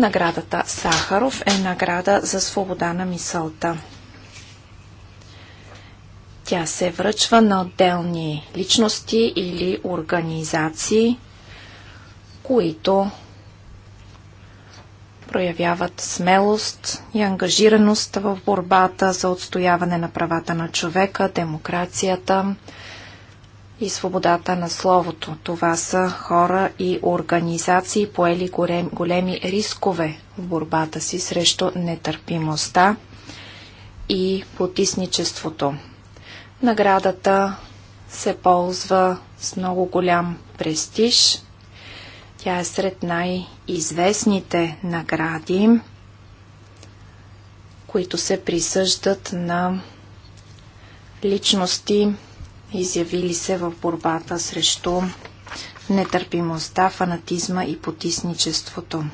Наградата Сахаров е награда за свобода на мисълта. Тя се връчва на отделни личности или организации, които проявяват смелост и ангажираност в борбата за отстояване на правата на човека, демокрацията, и свободата на словото. Това са хора и организации, поели големи рискове в борбата си срещу нетърпимостта и потисничеството. Наградата се ползва с много голям престиж. Тя е сред най-известните награди, които се присъждат на личности, изявили се в борбата срещу нетърпимостта, фанатизма и потисничеството.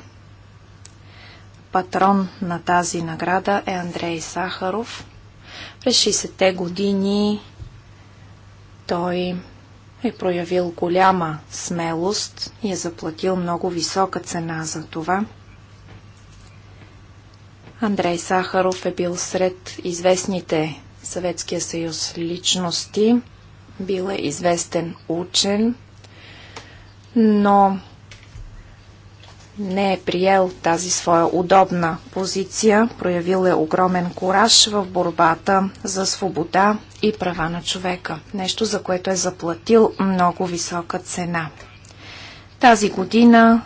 Патрон на тази награда е Андрей Сахаров. През 60-те години той е проявил голяма смелост и е заплатил много висока цена за това. Андрей Сахаров е бил сред известните Съветския съюз личности – бил е известен учен, но не е приел тази своя удобна позиция, проявил е огромен кураж в борбата за свобода и права на човека, нещо за което е заплатил много висока цена. Тази година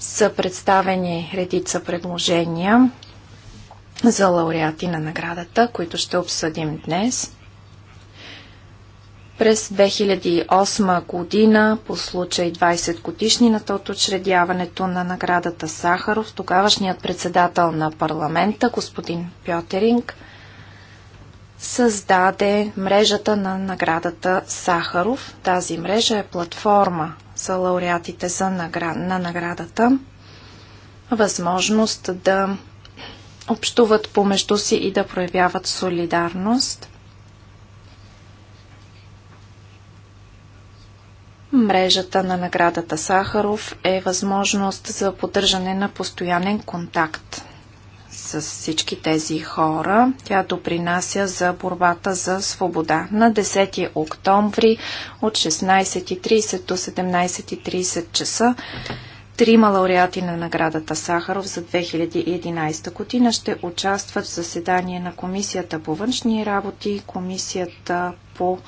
са представени редица предложения за лауреати на наградата, които ще обсъдим днес. През 2008 година, по случай 20 годишнината от учредяването на наградата Сахаров, тогавашният председател на парламента, господин Пьотеринг, създаде мрежата на наградата Сахаров. Тази мрежа е платформа за лауреатите за наград... на наградата, възможност да общуват помежду си и да проявяват солидарност – Мрежата на наградата Сахаров е възможност за поддържане на постоянен контакт с всички тези хора. Тя допринася за борбата за свобода. На 10 октомври от 16.30 до 17.30 часа трима лауреати на наградата Сахаров за 2011 година ще участват в заседание на Комисията по външни работи Комисията по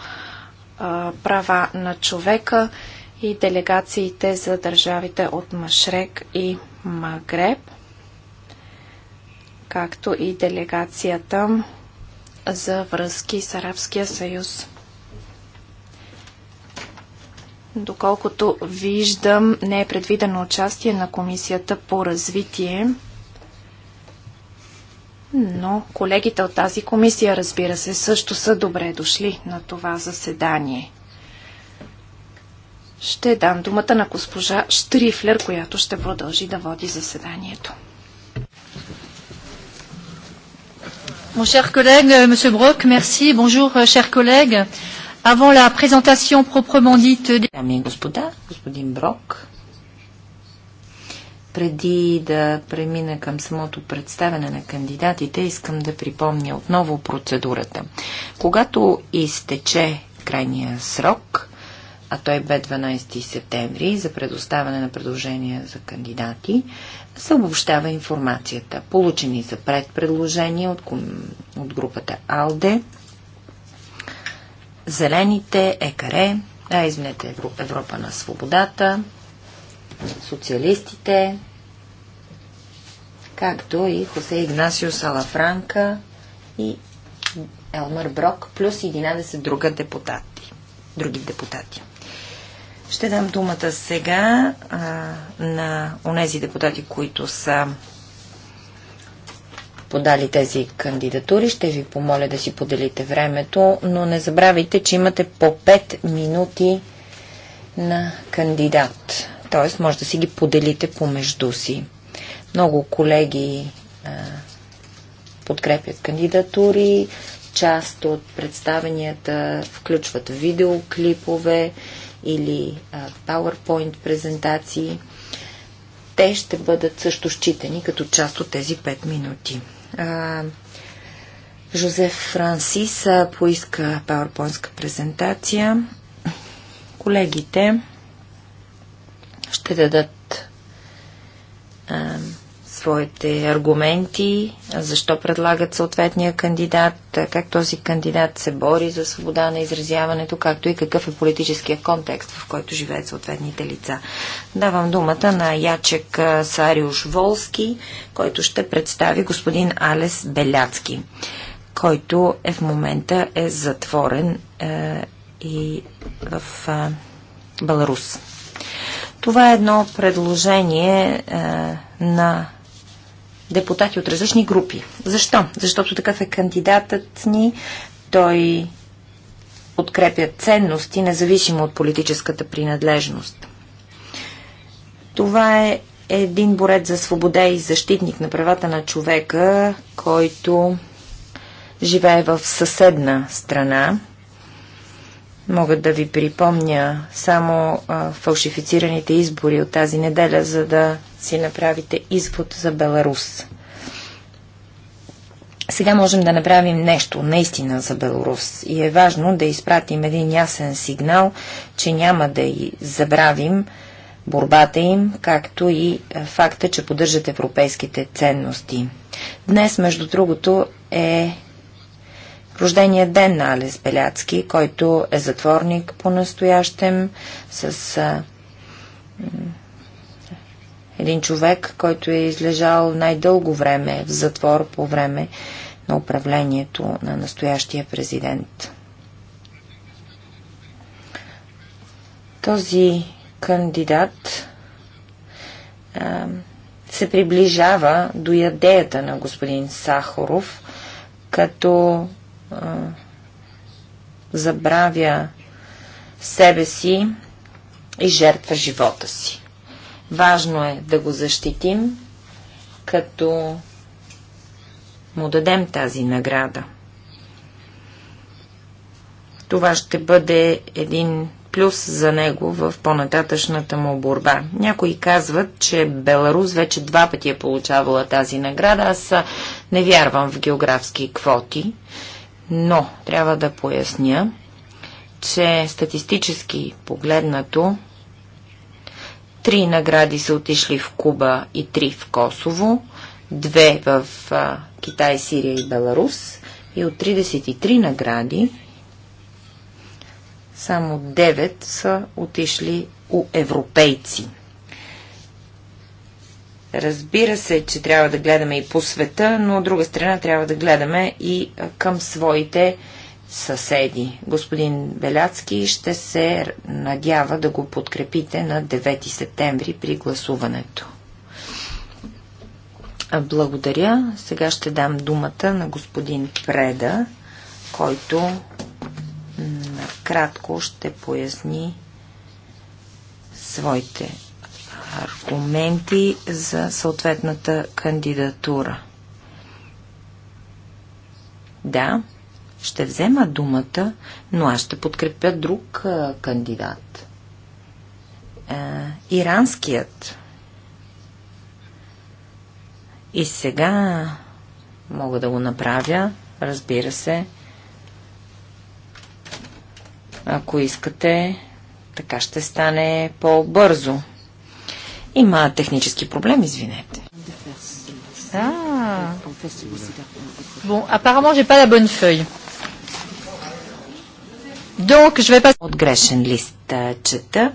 права на човека и делегациите за държавите от Машрек и Магреб, както и делегацията за връзки с Арабския съюз. Доколкото виждам, не е предвидено участие на Комисията по развитие но колегите от тази комисия, разбира се, също са добре дошли на това заседание. Ще дам думата на госпожа Штрифлер, която ще продължи да води заседанието. Mon cher collègue, Monsieur Brock, merci. Bonjour, euh, cher collègue. Avant la présentation proprement dite... Дами и господа, господин Брок, преди да премина към самото представяне на кандидатите, искам да припомня отново процедурата. Когато изтече крайния срок, а той бе 12 септември за предоставяне на предложения за кандидати, се обобщава информацията. Получени са предпредложения от, от групата АЛДЕ, Зелените, ЕКАРЕ, а извинете, Европа на свободата, социалистите, както и Хосе Игнасио Салафранка и Елмар Брок, плюс 11 друга депутати, други депутати. Ще дам думата сега а, на онези депутати, които са подали тези кандидатури. Ще ви помоля да си поделите времето, но не забравяйте, че имате по 5 минути на кандидат т.е. може да си ги поделите помежду си. Много колеги а, подкрепят кандидатури, част от представенията включват видеоклипове или а, PowerPoint презентации. Те ще бъдат също считани като част от тези 5 минути. А, Жозеф Франсис поиска PowerPoint презентация. Колегите ще дадат а, своите аргументи, защо предлагат съответния кандидат, как този кандидат се бори за свобода на изразяването, както и какъв е политическия контекст, в който живеят съответните лица. Давам думата на Ячек Сариуш Волски, който ще представи господин Алес Беляцки, който е в момента е затворен е, и в е, Беларус. Това е едно предложение е, на депутати от различни групи. Защо? Защото такъв е кандидатът ни. Той подкрепя ценности, независимо от политическата принадлежност. Това е един борец за свобода и защитник на правата на човека, който живее в съседна страна Мога да ви припомня само а, фалшифицираните избори от тази неделя, за да си направите извод за Беларус. Сега можем да направим нещо наистина за Беларус и е важно да изпратим един ясен сигнал, че няма да и забравим борбата им, както и факта, че поддържат европейските ценности. Днес, между другото, е рождения ден на Алис Беляцки, който е затворник по-настоящем с а, един човек, който е излежал най-дълго време в затвор по време на управлението на настоящия президент. Този кандидат а, се приближава до ядеята на господин Сахоров, като а, забравя себе си и жертва живота си. Важно е да го защитим, като му дадем тази награда. Това ще бъде един плюс за него в по-нататъчната му борба. Някои казват, че Беларус вече два пъти е получавала тази награда. Аз не вярвам в географски квоти. Но трябва да поясня, че статистически погледнато три награди са отишли в Куба и три в Косово, две в а, Китай, Сирия и Беларус и от 33 награди само 9 са отишли у европейци. Разбира се, че трябва да гледаме и по света, но от друга страна трябва да гледаме и към своите съседи. Господин Беляцки ще се надява да го подкрепите на 9 септември при гласуването. Благодаря. Сега ще дам думата на господин Преда, който накратко ще поясни своите аргументи за съответната кандидатура. Да, ще взема думата, но аз ще подкрепя друг а, кандидат. А, иранският. И сега мога да го направя, разбира се. Ако искате, така ще стане по-бързо. Има технически проблем, извинете. От грешен лист чета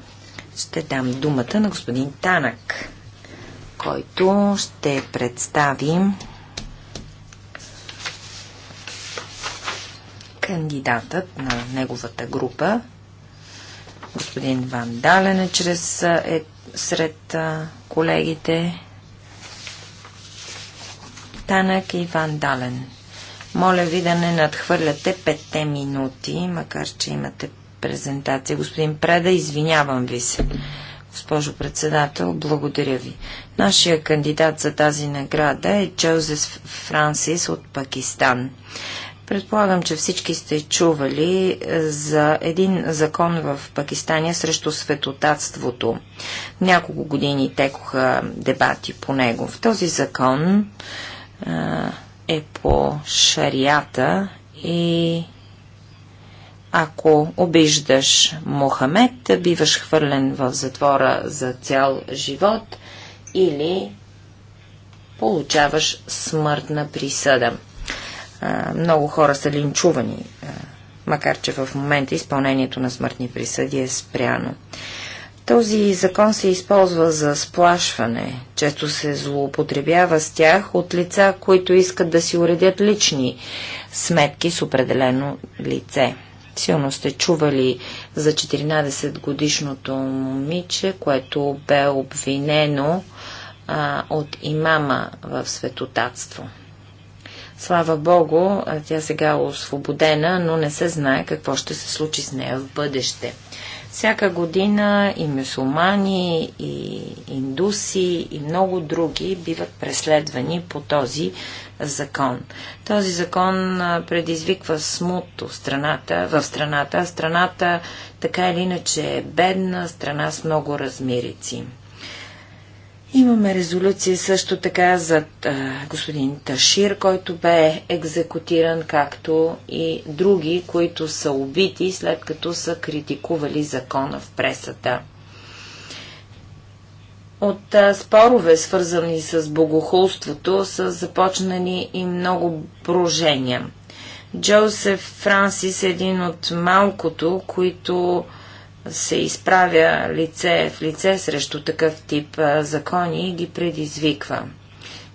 ще дам думата на господин Танак, който ще представи кандидатът на неговата група. Господин Ван Дален е чрез е сред колегите Танък и Ван Дален. Моля ви да не надхвърляте петте минути, макар че имате презентация. Господин Преда, извинявам ви се. Госпожо председател, благодаря ви. Нашия кандидат за тази награда е Джозеф Франсис от Пакистан. Предполагам, че всички сте чували е, за един закон в Пакистания срещу светотатството. Няколко години текоха дебати по него. В този закон е, е по шарията и ако обиждаш Мохамед, биваш хвърлен в затвора за цял живот или получаваш смъртна присъда много хора са линчувани, макар че в момента изпълнението на смъртни присъди е спряно. Този закон се използва за сплашване. Често се злоупотребява с тях от лица, които искат да си уредят лични сметки с определено лице. Силно сте чували за 14-годишното момиче, което бе обвинено а, от имама в светотатство. Слава Богу, тя сега е освободена, но не се знае какво ще се случи с нея в бъдеще. Всяка година и мюсулмани, и индуси, и много други биват преследвани по този закон. Този закон предизвиква смут в страната, в страната. Страната така или иначе е бедна, страна с много размирици. Имаме резолюция също така за а, господин Ташир, който бе екзекутиран, както и други, които са убити, след като са критикували закона в пресата. От а, спорове, свързани с богохулството, са започнали и много брожения. Джоусеф Франсис е един от малкото, които се изправя лице в лице срещу такъв тип закони и ги предизвиква.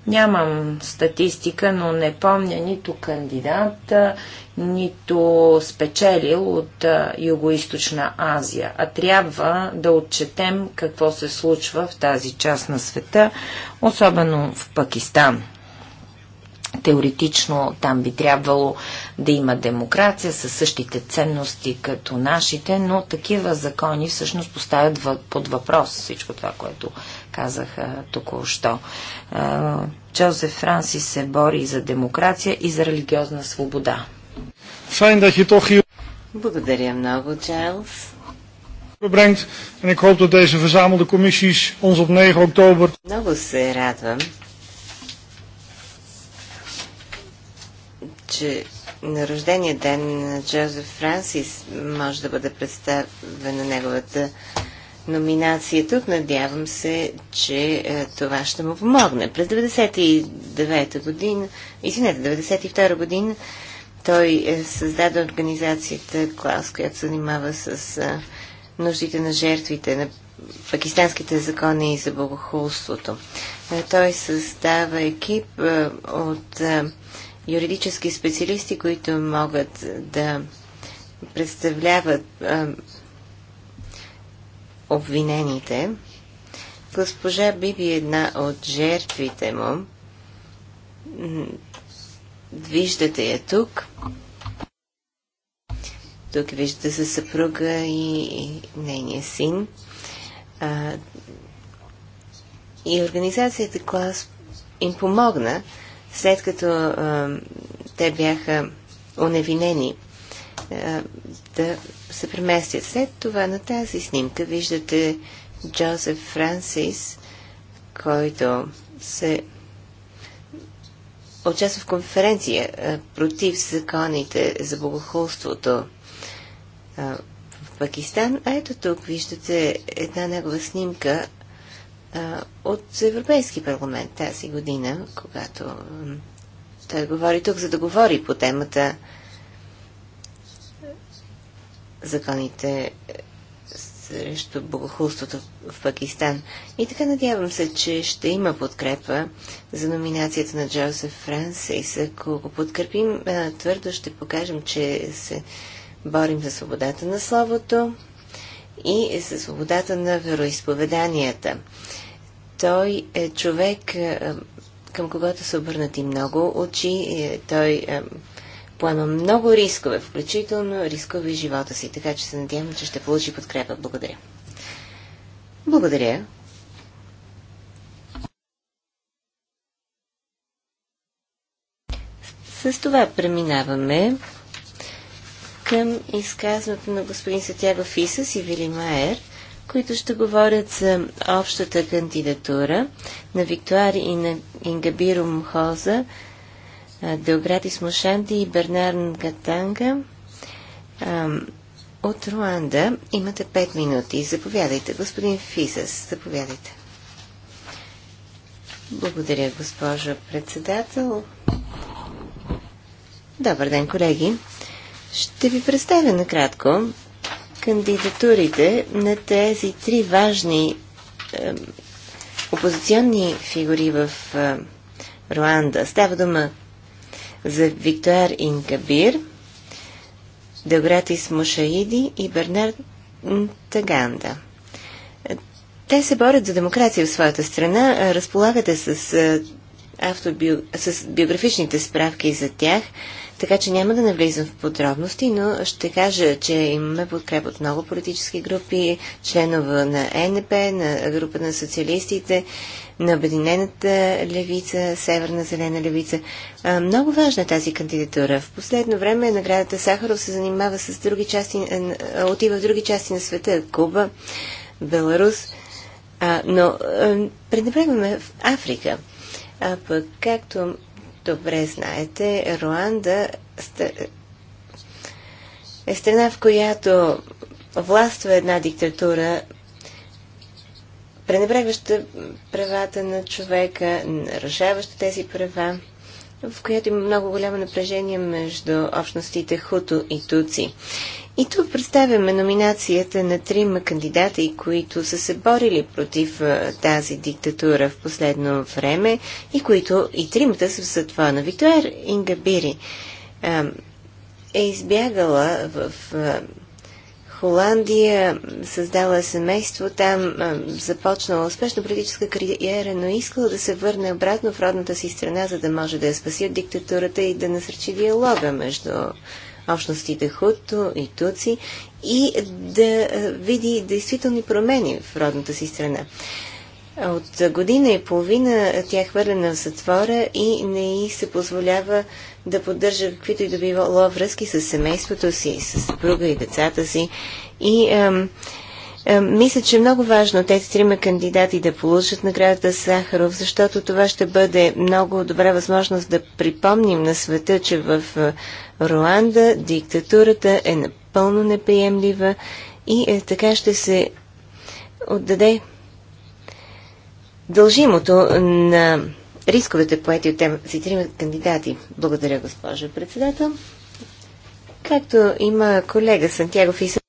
Нямам статистика, но не помня нито кандидат, нито спечелил от Юго-Источна Азия. А трябва да отчетем какво се случва в тази част на света, особено в Пакистан теоретично там би трябвало да има демокрация със същите ценности като нашите, но такива закони всъщност поставят под въпрос всичко това, което казах току-що. Джозеф Франсис се бори за демокрация и за религиозна свобода. Благодаря много, Чарлз Много се радвам, че на рождения ден на Джозеф Франсис може да бъде представена неговата номинация тук. Надявам се, че е, това ще му помогне. През 99-та година, извинете, 92-та година той е, създаде организацията Клас, която се занимава с е, нуждите на жертвите на пакистанските закони за богохулството. Е, той създава екип от юридически специалисти, които могат да представляват а, обвинените. Госпожа Биби, е една от жертвите му, виждате я тук. Тук виждате се съпруга и, и нейния син. А, и организацията Клас им помогна след като а, те бяха оневинени а, да се преместят. След това на тази снимка виждате Джозеф Франсис, който се участва в конференция а, против законите за богохулството а, в Пакистан. А ето тук виждате една негова снимка от Европейски парламент тази година, когато той говори тук, за да говори по темата законите е, срещу богохулството в Пакистан. И така надявам се, че ще има подкрепа за номинацията на Джозеф Франсис. Ако го подкрепим, твърдо ще покажем, че се борим за свободата на словото, и със свободата на вероисповеданията. Той е човек, е, към когото са обърнати много очи. Е, той е, поема много рискове, включително рискове и живота си, така че се надявам, че ще получи подкрепа. Благодаря. Благодаря. С това преминаваме към изказването на господин Сатяго Фисас и Вили Майер, които ще говорят за общата кандидатура на Виктуари и на Ингабиро Мхоза, Деогратис Мошанди и Бернарн Гатанга от Руанда. Имате 5 минути. Заповядайте, господин Фисас. Заповядайте. Благодаря, госпожо председател. Добър ден, колеги. Ще ви представя накратко кандидатурите на тези три важни е, опозиционни фигури в е, Руанда. Става дума за Виктуар Инкабир, Деогратис Мушаиди и Бернард Таганда. Те се борят за демокрация в своята страна. Разполагате с, е, автобио... с биографичните справки за тях. Така че няма да навлизам в подробности, но ще кажа, че имаме подкреп от много политически групи, членове на ЕНП, на група на социалистите, на Обединената левица, Северна зелена левица. А, много важна е тази кандидатура. В последно време наградата Сахаров се занимава с други части, е, е, отива в други части на света. Куба, Беларус. А, но а, е, пренебрегваме в Африка. А пък, както добре знаете, Руанда е страна, в която властва една диктатура, пренебрегваща правата на човека, нарушаваща тези права, в която има много голямо напрежение между общностите Хуто и Туци. И тук представяме номинацията на трима кандидати, които са се борили против тази диктатура в последно време и които и тримата са в затвора. Виктор Ингабири е избягала в Холандия, създала семейство, там започнала успешна политическа кариера, но искала да се върне обратно в родната си страна, за да може да я спаси от диктатурата и да насърчи диалога между общностите Хуто и Туци и да види действителни промени в родната си страна. От година и половина тя е хвърлена в затвора и не й се позволява да поддържа каквито и да било връзки с семейството си, с съпруга и децата си. И ам, е, мисля, че е много важно тези трима кандидати да получат наградата Сахаров, защото това ще бъде много добра възможност да припомним на света, че в е, Руанда диктатурата е напълно неприемлива и е, така ще се отдаде дължимото на рисковете, поети от тези трима кандидати. Благодаря, госпожа председател. Както има колега Сантьяго Фисър,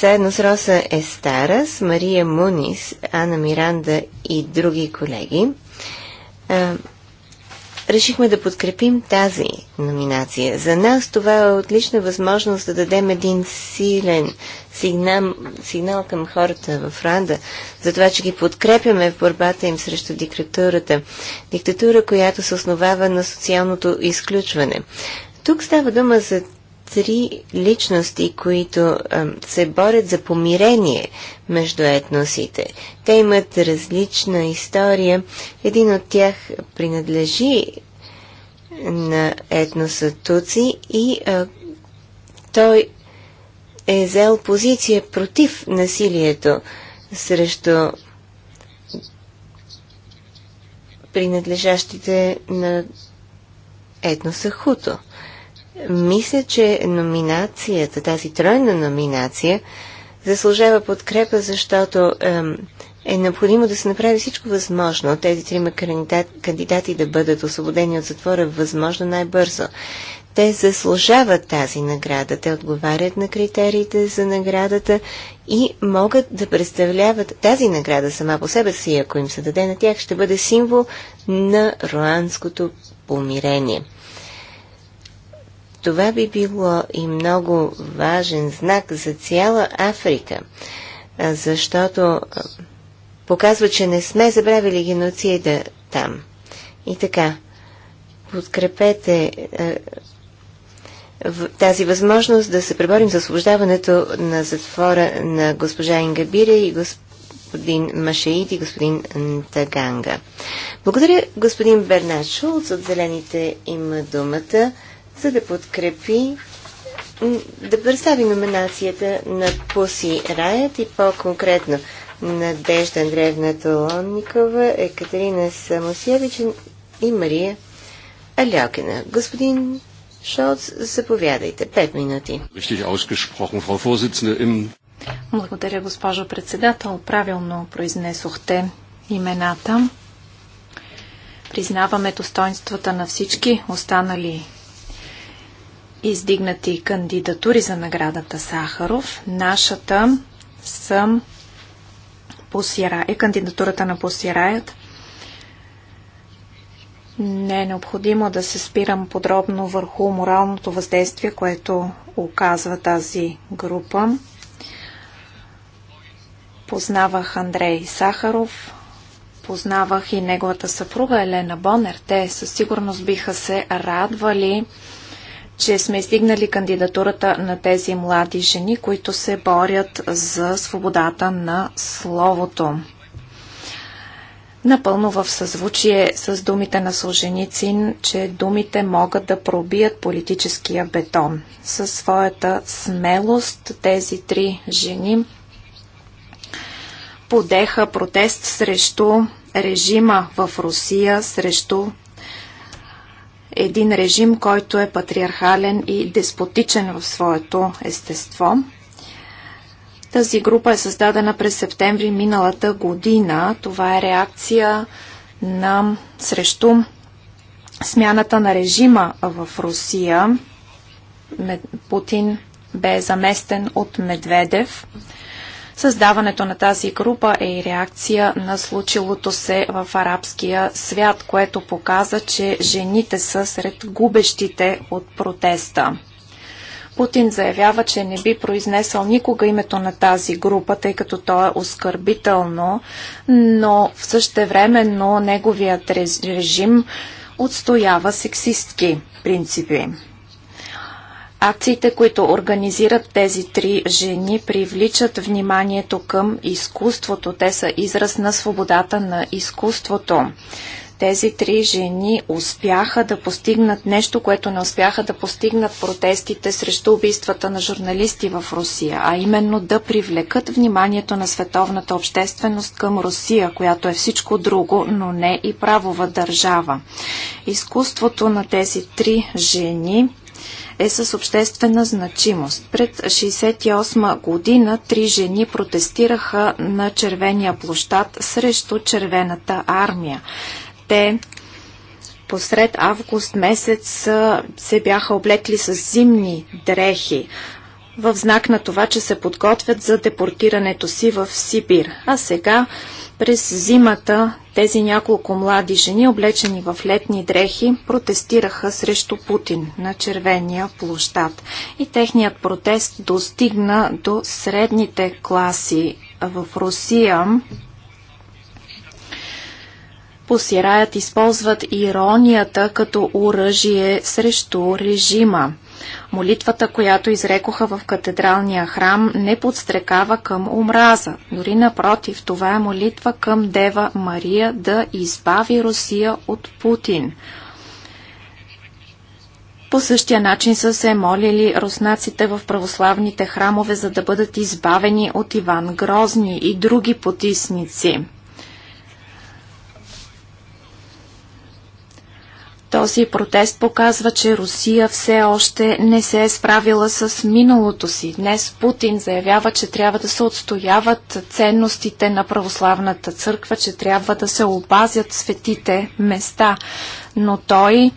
Заедно с Роса Естарас, Мария Мунис, Ана Миранда и други колеги, а, решихме да подкрепим тази номинация. За нас това е отлична възможност да дадем един силен сигнал, сигнал към хората в Ранда, за това, че ги подкрепяме в борбата им срещу диктатурата. Диктатура, която се основава на социалното изключване. Тук става дума за три личности, които а, се борят за помирение между етносите. Те имат различна история. Един от тях принадлежи на етноса Туци и а, той е взел позиция против насилието срещу принадлежащите на етноса Хуто. Мисля, че номинацията, тази тройна номинация, заслужава подкрепа, защото е необходимо да се направи всичко възможно тези трима кандидати да бъдат освободени от затвора възможно най-бързо. Те заслужават тази награда, те отговарят на критериите за наградата и могат да представляват тази награда сама по себе си, ако им се даде на тях, ще бъде символ на руанското помирение. Това би било и много важен знак за цяла Африка, защото показва, че не сме забравили геноцида там. И така, подкрепете тази възможност да се преборим за освобождаването на затвора на госпожа Ингабире и господин Машеид и господин Таганга. Благодаря господин Бернат Шулц от Зелените има думата за да подкрепи да представи номинацията на Пуси Раят и по-конкретно Надежда Андреевна Толонникова, Екатерина Самосевич и Мария Алякина. Господин Шолц, заповядайте. Пет минути. Благодаря, госпожо председател. Правилно произнесохте имената. Признаваме достоинствата на всички останали издигнати кандидатури за наградата Сахаров. Нашата съм Посира, е кандидатурата на Посираят. Не е необходимо да се спирам подробно върху моралното въздействие, което оказва тази група. Познавах Андрей Сахаров, познавах и неговата съпруга Елена Бонер. Те със сигурност биха се радвали че сме стигнали кандидатурата на тези млади жени, които се борят за свободата на словото. Напълно в съзвучие с думите на Солженицин, че думите могат да пробият политическия бетон. Със своята смелост тези три жени подеха протест срещу режима в Русия, срещу един режим, който е патриархален и деспотичен в своето естество. Тази група е създадена през септември миналата година. Това е реакция на срещу смяната на режима в Русия. Путин бе заместен от Медведев. Създаването на тази група е и реакция на случилото се в арабския свят, което показа, че жените са сред губещите от протеста. Путин заявява, че не би произнесъл никога името на тази група, тъй като то е оскърбително, но в същевременно неговият режим отстоява сексистки принципи. Акциите, които организират тези три жени, привличат вниманието към изкуството. Те са израз на свободата на изкуството. Тези три жени успяха да постигнат нещо, което не успяха да постигнат протестите срещу убийствата на журналисти в Русия, а именно да привлекат вниманието на световната общественост към Русия, която е всичко друго, но не и правова държава. Изкуството на тези три жени е с обществена значимост. Пред 68 година три жени протестираха на Червения площад срещу Червената армия. Те посред август месец се бяха облекли с зимни дрехи в знак на това, че се подготвят за депортирането си в Сибир. А сега през зимата тези няколко млади жени, облечени в летни дрехи, протестираха срещу Путин на червения площад. И техният протест достигна до средните класи в Русия. Посираят използват иронията като оръжие срещу режима. Молитвата, която изрекоха в катедралния храм, не подстрекава към омраза. Дори напротив, това е молитва към Дева Мария да избави Русия от Путин. По същия начин са се молили руснаците в православните храмове, за да бъдат избавени от Иван Грозни и други потисници. Този протест показва, че Русия все още не се е справила с миналото си. Днес Путин заявява, че трябва да се отстояват ценностите на православната църква, че трябва да се опазят светите места. Но той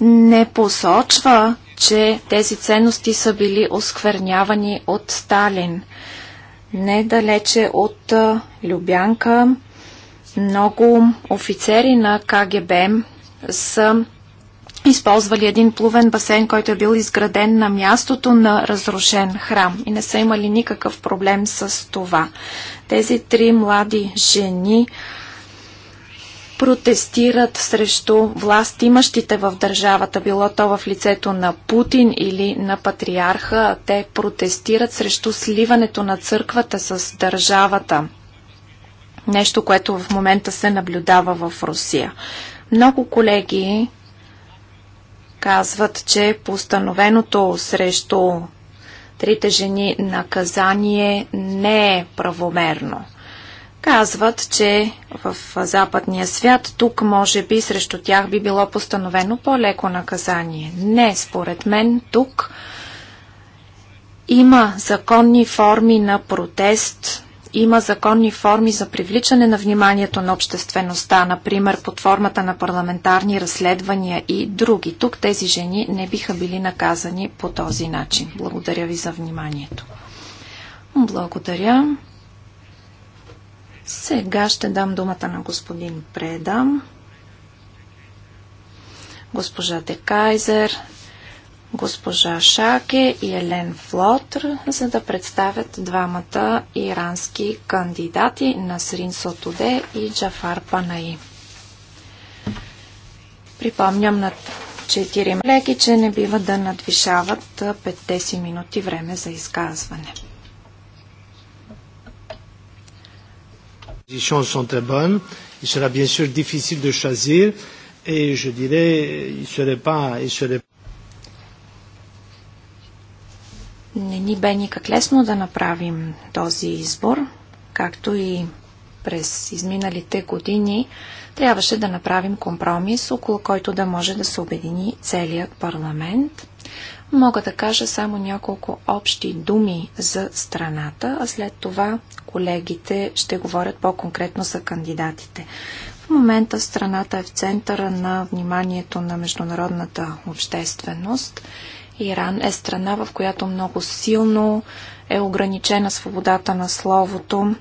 не посочва, че тези ценности са били осквернявани от Сталин. Недалече от Любянка много офицери на КГБ са използвали един плувен басейн, който е бил изграден на мястото на разрушен храм и не са имали никакъв проблем с това. Тези три млади жени протестират срещу власт имащите в държавата, било то в лицето на Путин или на патриарха. Те протестират срещу сливането на църквата с държавата. Нещо, което в момента се наблюдава в Русия. Много колеги казват, че постановеното срещу трите жени наказание не е правомерно. Казват, че в западния свят тук може би срещу тях би било постановено по-леко наказание. Не, според мен тук има законни форми на протест, има законни форми за привличане на вниманието на обществеността, например под формата на парламентарни разследвания и други. Тук тези жени не биха били наказани по този начин. Благодаря ви за вниманието. Благодаря. Сега ще дам думата на господин Преда, госпожа Декайзер, госпожа Шаке и Елен Флотр, за да представят двамата ирански кандидати Насрин Сотоде и Джафар Панаи. Припомням на 4 млеки, че не бива да надвишават 5 си минути време за изказване. positions sont très bonnes. Il sera bien sûr difficile de choisir et je dirais, il serait pas, il serait Не ни бе никак лесно да направим този избор, както и през изминалите години трябваше да направим компромис, около който да може да се обедини целият парламент. Мога да кажа само няколко общи думи за страната, а след това колегите ще говорят по-конкретно за кандидатите. В момента страната е в центъра на вниманието на международната общественост – Иран е страна, в която много силно е ограничена свободата на словото.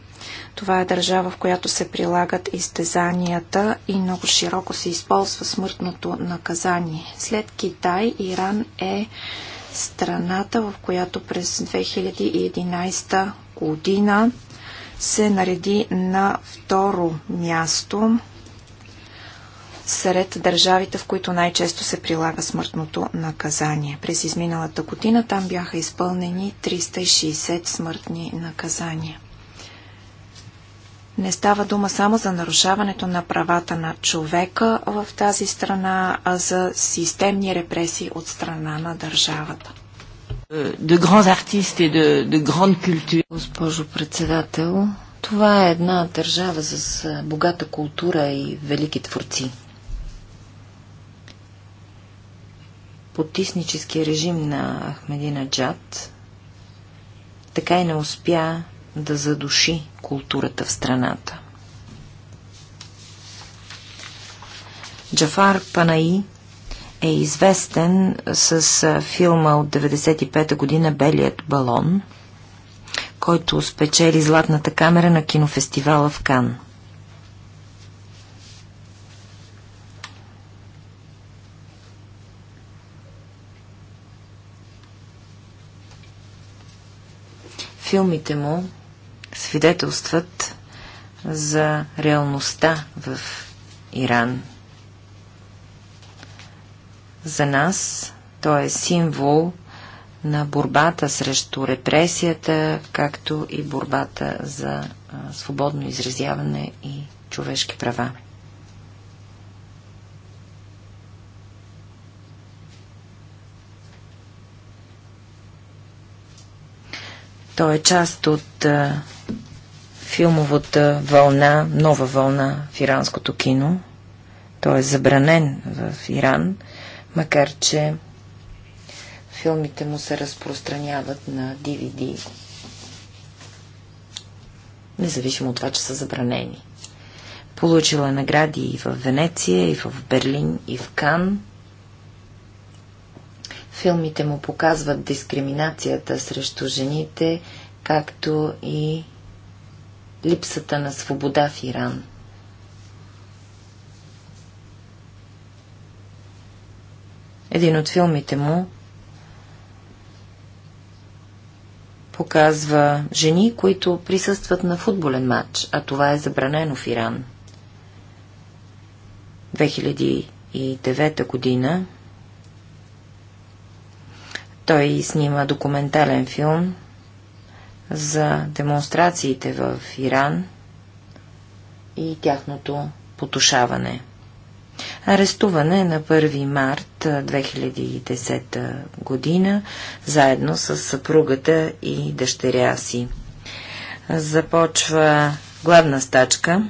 Това е държава, в която се прилагат изтезанията и много широко се използва смъртното наказание. След Китай, Иран е страната, в която през 2011 година се нареди на второ място сред държавите, в които най-често се прилага смъртното наказание. През изминалата година там бяха изпълнени 360 смъртни наказания. Не става дума само за нарушаването на правата на човека в тази страна, а за системни репресии от страна на държавата. De grands artistes et de, de Госпожо председател, това е една държава с богата култура и велики творци. потисническия режим на Ахмедина Джад така и не успя да задуши културата в страната. Джафар Панаи е известен с филма от 95-та година «Белият балон», който спечели златната камера на кинофестивала в Кан. Филмите му свидетелстват за реалността в Иран. За нас той е символ на борбата срещу репресията, както и борбата за свободно изразяване и човешки права. Той е част от а, филмовата вълна, нова вълна в иранското кино. Той е забранен в Иран, макар че филмите му се разпространяват на DVD, независимо от това, че са забранени. Получила е награди и в Венеция, и в Берлин, и в Кан – Филмите му показват дискриминацията срещу жените, както и липсата на свобода в Иран. Един от филмите му показва жени, които присъстват на футболен матч, а това е забранено в Иран. 2009 година той снима документален филм за демонстрациите в Иран и тяхното потушаване. Арестуване на 1 март 2010 година, заедно с съпругата и дъщеря си. Започва главна стачка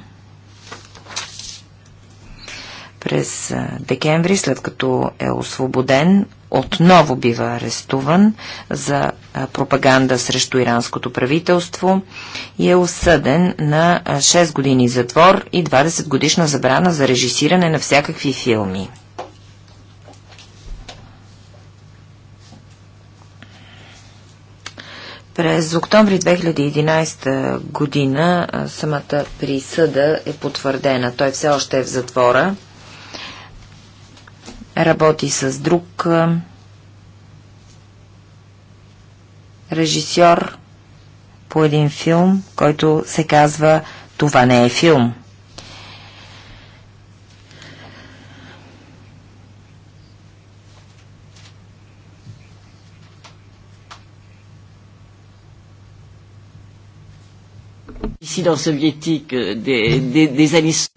през декември, след като е освободен отново бива арестуван за пропаганда срещу иранското правителство и е осъден на 6 години затвор и 20 годишна забрана за режисиране на всякакви филми. През октомври 2011 година самата присъда е потвърдена. Той все още е в затвора работи с друг режисьор по един филм, който се казва Това не е филм. Е,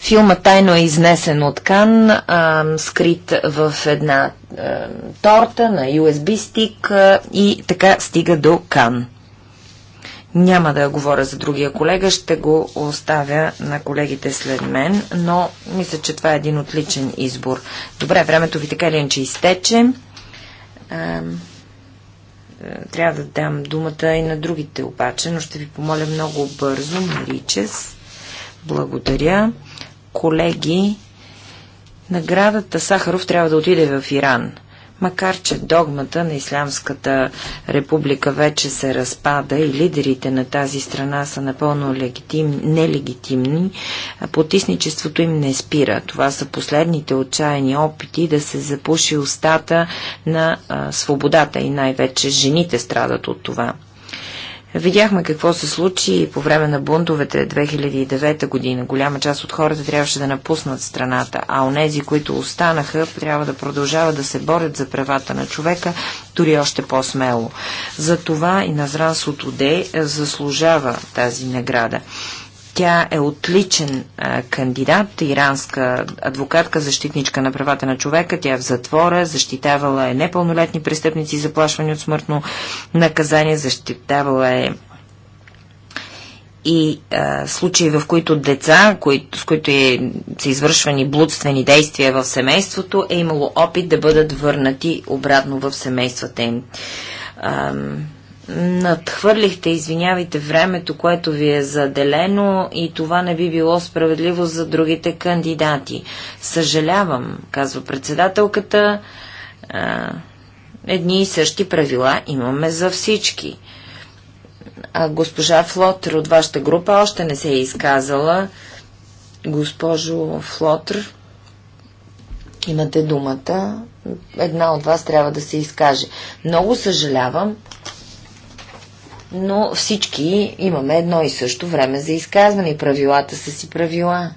Филма тайно е изнесен от Кан, а, скрит в една а, е, торта на USB стик е, и така стига до Кан. Няма да говоря за другия колега, ще го оставя на колегите след мен, но мисля, че това е един отличен избор. Добре, времето ви така ли е, че изтече. Е, трябва да дам думата и на другите обаче, но ще ви помоля много бързо. Маричес, благодаря. Колеги, наградата Сахаров трябва да отиде в Иран. Макар, че догмата на Ислямската република вече се разпада и лидерите на тази страна са напълно легитим, нелегитимни, потисничеството им не спира. Това са последните отчаяни опити да се запуши устата на а, свободата и най-вече жените страдат от това. Видяхме какво се случи по време на бунтовете 2009 година. Голяма част от хората трябваше да напуснат страната, а онези, които останаха, трябва да продължават да се борят за правата на човека, дори още по-смело. За това и Назран Сотоде е, заслужава тази награда. Тя е отличен а, кандидат, иранска адвокатка, защитничка на правата на човека. Тя е в затвора, защитавала е непълнолетни престъпници, заплашвани от смъртно наказание, защитавала е и а, случаи, в които деца, кои, с които е, са извършвани блудствени действия в семейството, е имало опит да бъдат върнати обратно в семействата им надхвърлихте, извинявайте, времето, което ви е заделено и това не би било справедливо за другите кандидати. Съжалявам, казва председателката, едни и същи правила имаме за всички. А госпожа Флотър от вашата група още не се е изказала. Госпожо Флотър, имате думата. Една от вас трябва да се изкаже. Много съжалявам, но всички имаме едно и също време за изказване и правилата са си правила.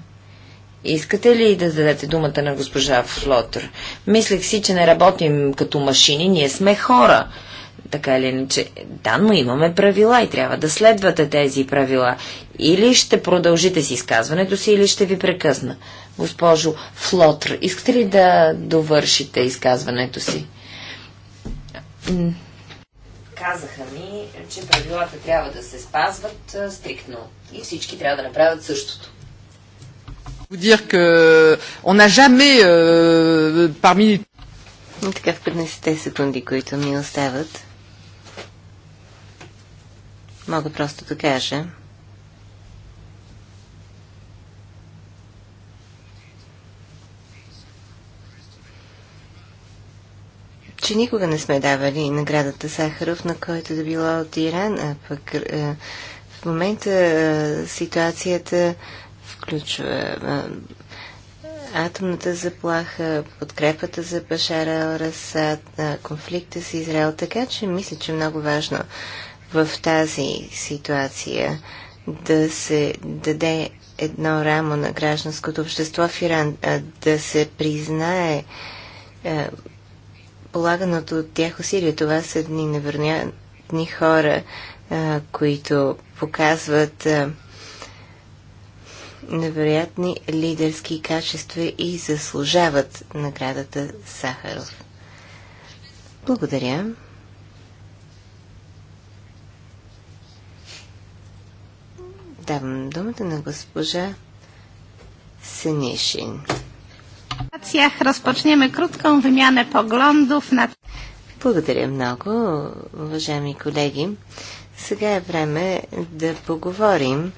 Искате ли да дадете думата на госпожа Флотър? Мислех си, че не работим като машини, ние сме хора. Така или иначе, да, но имаме правила и трябва да следвате тези правила. Или ще продължите с изказването си, или ще ви прекъсна. Госпожо Флотър, искате ли да довършите изказването си? казаха ми, че правилата трябва да се спазват стриктно и всички трябва да направят същото. Euh, така в 15 секунди, които ми остават, мога просто да кажа, че никога не сме давали наградата Сахаров, на който да била от Иран, а пък е, в момента е, ситуацията включва е, атомната заплаха, подкрепата за Башара Расад, конфликта с Израел, така че мисля, че е много важно в тази ситуация да се даде едно рамо на гражданското общество в Иран, да се признае полаганото от тях усилие. Това са едни невероятни хора, а, които показват а, невероятни лидерски качества и заслужават наградата Сахаров. Благодаря. Давам думата на госпожа Сенишин. Разпочнеме крутка вимяна поглондов на... Благодаря много, уважаеми колеги. Сега е време да поговорим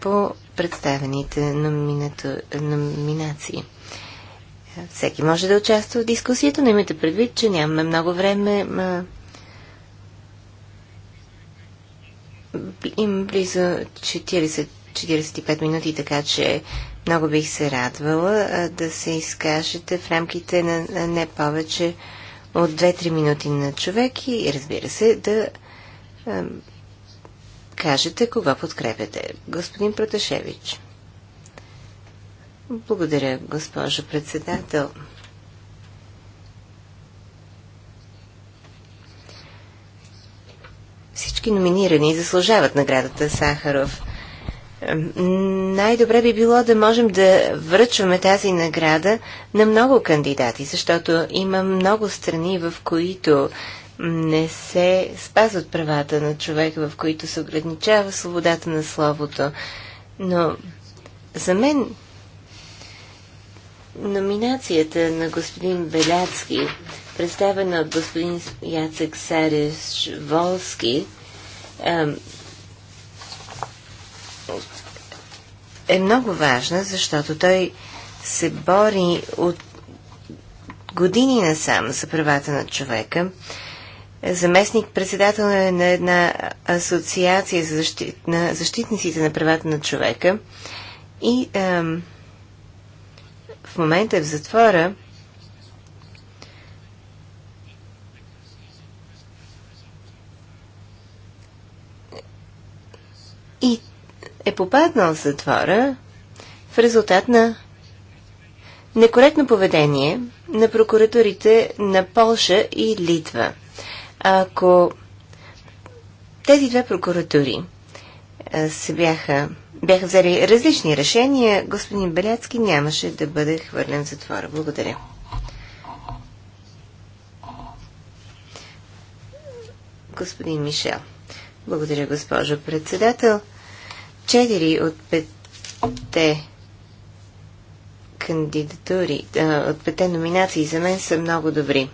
по представените номинато... номинации. Всеки може да участва в дискусията, но имайте предвид, че нямаме много време. Ма... Има близо 40-45 минути, така че много бих се радвала да се изкажете в рамките на не повече от 2-3 минути на човек и разбира се да кажете кога подкрепяте. Господин Проташевич. Благодаря, госпожо председател. Всички номинирани заслужават наградата Сахаров най-добре би било да можем да връчваме тази награда на много кандидати, защото има много страни, в които не се спазват правата на човека, в които се ограничава свободата на словото. Но за мен номинацията на господин Беляцки, представена от господин Яцек Сареш Волски, е много важна, защото той се бори от години насам за правата на човека. Заместник председател е на една асоциация за защит, на защитниците на правата на човека и ам, в момента е в затвора попаднал в затвора в резултат на некоректно поведение на прокуратурите на Полша и Литва. Ако тези две прокуратури се бяха, бяха взели различни решения, господин Беляцки нямаше да бъде хвърлен в затвора. Благодаря. Господин Мишел. Благодаря, госпожо председател. Четири от петте кандидатури, от пете номинации за мен са много добри.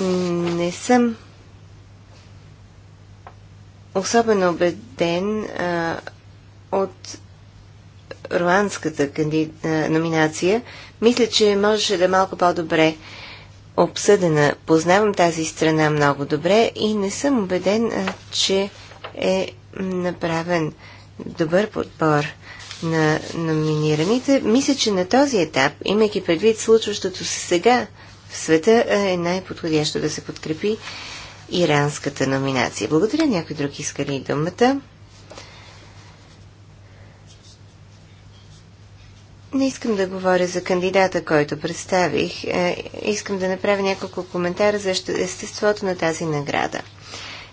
Не съм особено убеден а, от руанската канди... номинация. Мисля, че можеше да е малко по-добре обсъдена. Познавам тази страна много добре и не съм убеден, а, че е направен добър подбор на номинираните. Мисля, че на този етап, имайки предвид случващото се сега в света, е най-подходящо да се подкрепи иранската номинация. Благодаря. Някой друг иска ли думата? Не искам да говоря за кандидата, който представих. Е, искам да направя няколко коментара за естеството на тази награда.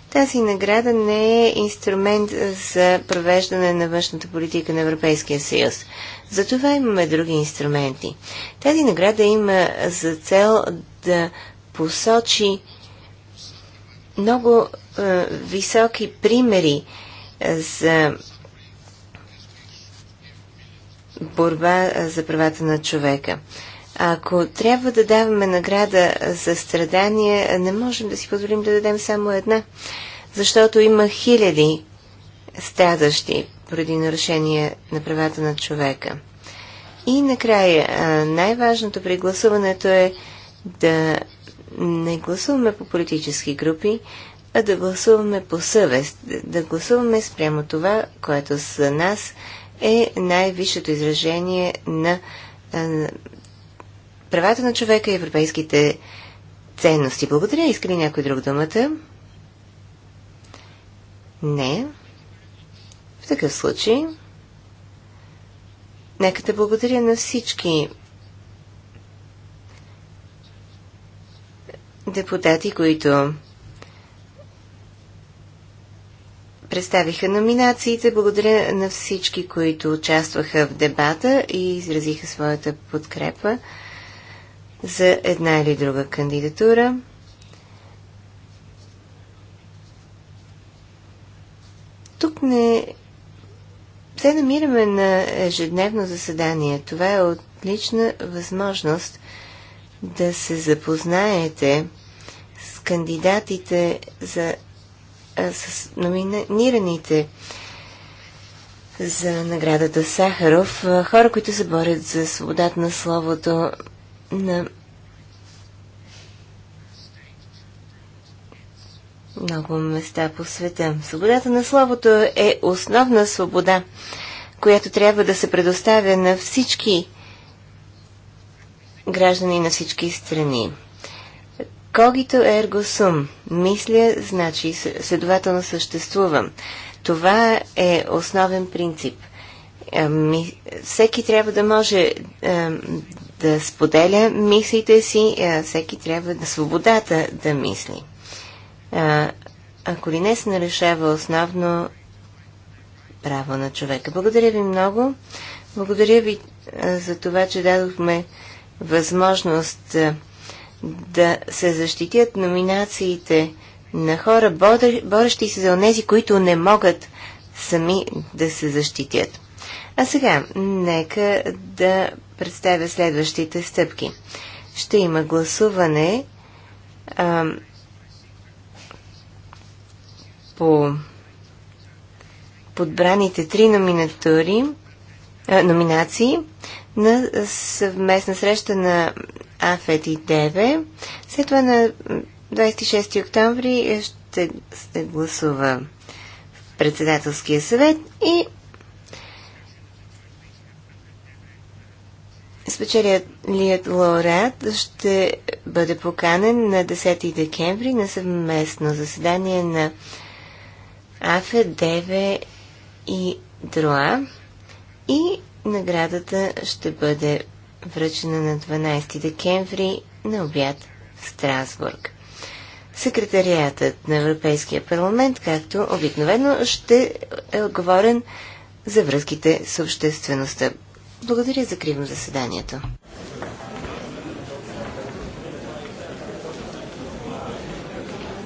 Тази награда не е инструмент за провеждане на външната политика на Европейския съюз. Затова имаме други инструменти. Тази награда има за цел да посочи много е, високи примери е, за борба е, за правата на човека. Ако трябва да даваме награда за страдания, не можем да си позволим да дадем само една, защото има хиляди страдащи поради нарушение на правата на човека. И накрая, най-важното при гласуването е да не гласуваме по политически групи, а да гласуваме по съвест, да гласуваме спрямо това, което за нас е най-висшето изражение на правата на човека и европейските ценности. Благодаря. Иска ли някой друг думата? Не. В такъв случай, нека да благодаря на всички депутати, които представиха номинациите. Благодаря на всички, които участваха в дебата и изразиха своята подкрепа за една или друга кандидатура. Тук не се намираме на ежедневно заседание. Това е отлична възможност да се запознаете с кандидатите за а, с номинираните за наградата Сахаров, хора, които се борят за свободата на словото, на много места по света. Свободата на словото е основна свобода, която трябва да се предоставя на всички граждани на всички страни. Когито ерго сум. Мисля, значи следователно съществувам. Това е основен принцип. Ами, всеки трябва да може да споделя мислите си, всеки трябва да свободата да мисли. А, ако ли не се нарушава основно право на човека. Благодаря ви много. Благодаря ви за това, че дадохме възможност да се защитят номинациите на хора, борещи се за онези, които не могат сами да се защитят. А сега, нека да представя следващите стъпки. Ще има гласуване а, по подбраните три номинатури, а, номинации на съвместна среща на Афет и ДЕВЕ. След това на 26 октомври ще се гласува в председателския съвет и Спечелият лауреат ще бъде поканен на 10 декември на съвместно заседание на АФЕ, ДЕВЕ и ДРОА и наградата ще бъде връчена на 12 декември на обяд в Страсбург. Секретариатът на Европейския парламент, както обикновено, ще е отговорен за връзките с обществеността. Благодаря, закривам заседанието.